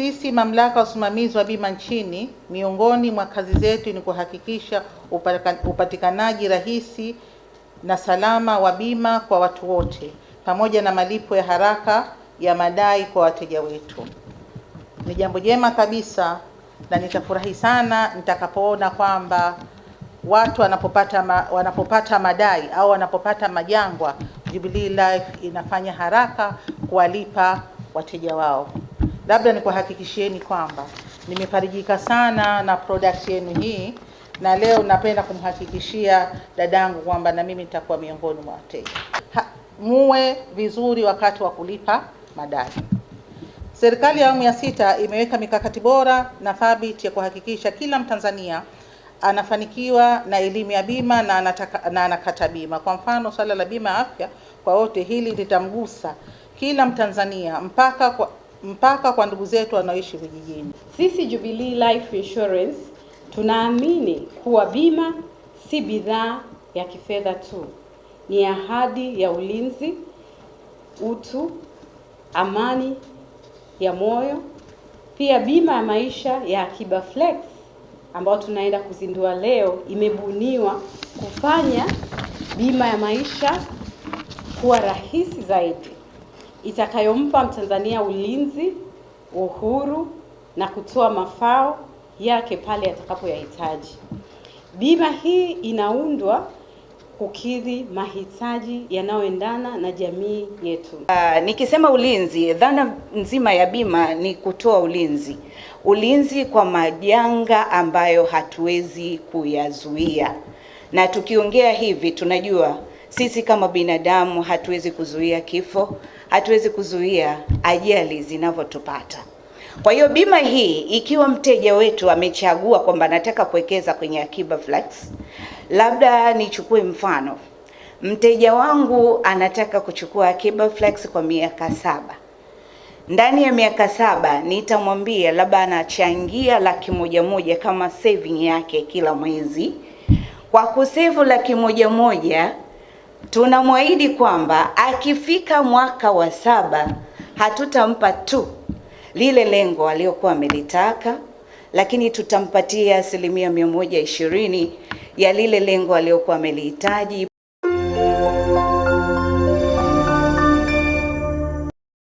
Sisi mamlaka ya usimamizi wa bima nchini, miongoni mwa kazi zetu ni kuhakikisha upatikanaji rahisi na salama wa bima kwa watu wote pamoja na malipo ya haraka ya madai kwa wateja wetu. Ni jambo jema kabisa na nitafurahi sana nitakapoona kwamba watu wanapopata ma, wanapopata madai au wanapopata majangwa Jubilee Life inafanya haraka kuwalipa wateja wao labda nikuhakikishieni kwamba nimefarijika sana na product yenu hii, na leo napenda kumhakikishia dadangu kwamba na mimi nitakuwa miongoni mwa wateja. Muwe vizuri wakati wa kulipa madai. Serikali ya awamu ya sita imeweka mikakati bora na thabiti ya kuhakikisha kila Mtanzania anafanikiwa na elimu ya bima na anataka, na anakata bima. Kwa mfano, swala la bima ya afya kwa wote hili litamgusa kila Mtanzania mpaka kwa mpaka kwa ndugu zetu wanaoishi vijijini. Sisi Jubilee Life Insurance tunaamini kuwa bima si bidhaa ya kifedha tu, ni ahadi ya ulinzi, utu, amani ya moyo. Pia bima ya maisha ya Akiba Flex ambayo tunaenda kuzindua leo imebuniwa kufanya bima ya maisha kuwa rahisi zaidi itakayompa Mtanzania ulinzi, uhuru na kutoa mafao yake pale atakapoyahitaji. Bima hii inaundwa kukidhi mahitaji yanayoendana na jamii yetu. Uh, nikisema ulinzi, dhana nzima ya bima ni kutoa ulinzi, ulinzi kwa majanga ambayo hatuwezi kuyazuia, na tukiongea hivi tunajua sisi kama binadamu hatuwezi kuzuia kifo, hatuwezi kuzuia ajali zinavyotupata. Kwa hiyo bima hii, ikiwa mteja wetu amechagua kwamba anataka kuwekeza kwenye Akiba Flex, labda nichukue mfano, mteja wangu anataka kuchukua Akiba Flex kwa miaka saba. Ndani ya miaka saba nitamwambia labda anachangia laki moja moja kama saving yake kila mwezi. Kwa kusevu laki moja moja tunamwahidi kwamba akifika mwaka wa saba hatutampa tu lile lengo aliyokuwa amelitaka, lakini tutampatia asilimia mia moja ishirini ya lile lengo aliyokuwa amelihitaji.